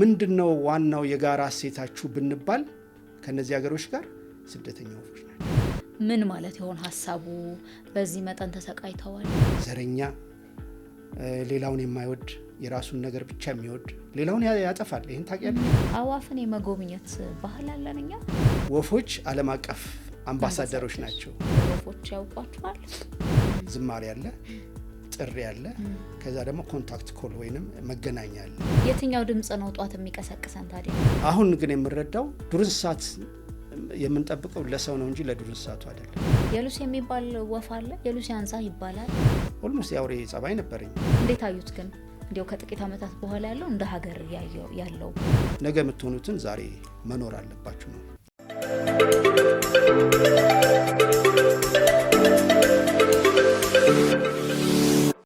ምንድን ነው ዋናው የጋራ እሴታችሁ ብንባል ከነዚህ ሀገሮች ጋር ስደተኛ ወፎች ናቸው። ምን ማለት የሆን ሀሳቡ? በዚህ መጠን ተሰቃይተዋል። ዘረኛ፣ ሌላውን የማይወድ የራሱን ነገር ብቻ የሚወድ ሌላውን ያጠፋል። ይህን ታውቂያለሽ። አዋፍን የመጎብኘት ባህል አለን እኛ። ወፎች ዓለም አቀፍ አምባሳደሮች ናቸው። ወፎች ያውቋችኋል። ዝማሬ አለ ጥሪ አለ። ከዛ ደግሞ ኮንታክት ኮል ወይንም መገናኛ አለ። የትኛው ድምፅ ነው ጧት የሚቀሰቅሰን ታዲያ? አሁን ግን የምረዳው ዱር እንስሳት የምንጠብቀው ለሰው ነው እንጂ ለዱር እንስሳቱ አይደለም። የሉሲ የሚባል ወፍ አለ። የሉሲ አንሳ ይባላል። ኦልሞስት የአውሬ ጸባይ ነበረኝ። እንዴት አዩት ግን እንዲያው ከጥቂት ዓመታት በኋላ ያለው እንደ ሀገር ያለው ነገ የምትሆኑትን ዛሬ መኖር አለባችሁ ነው።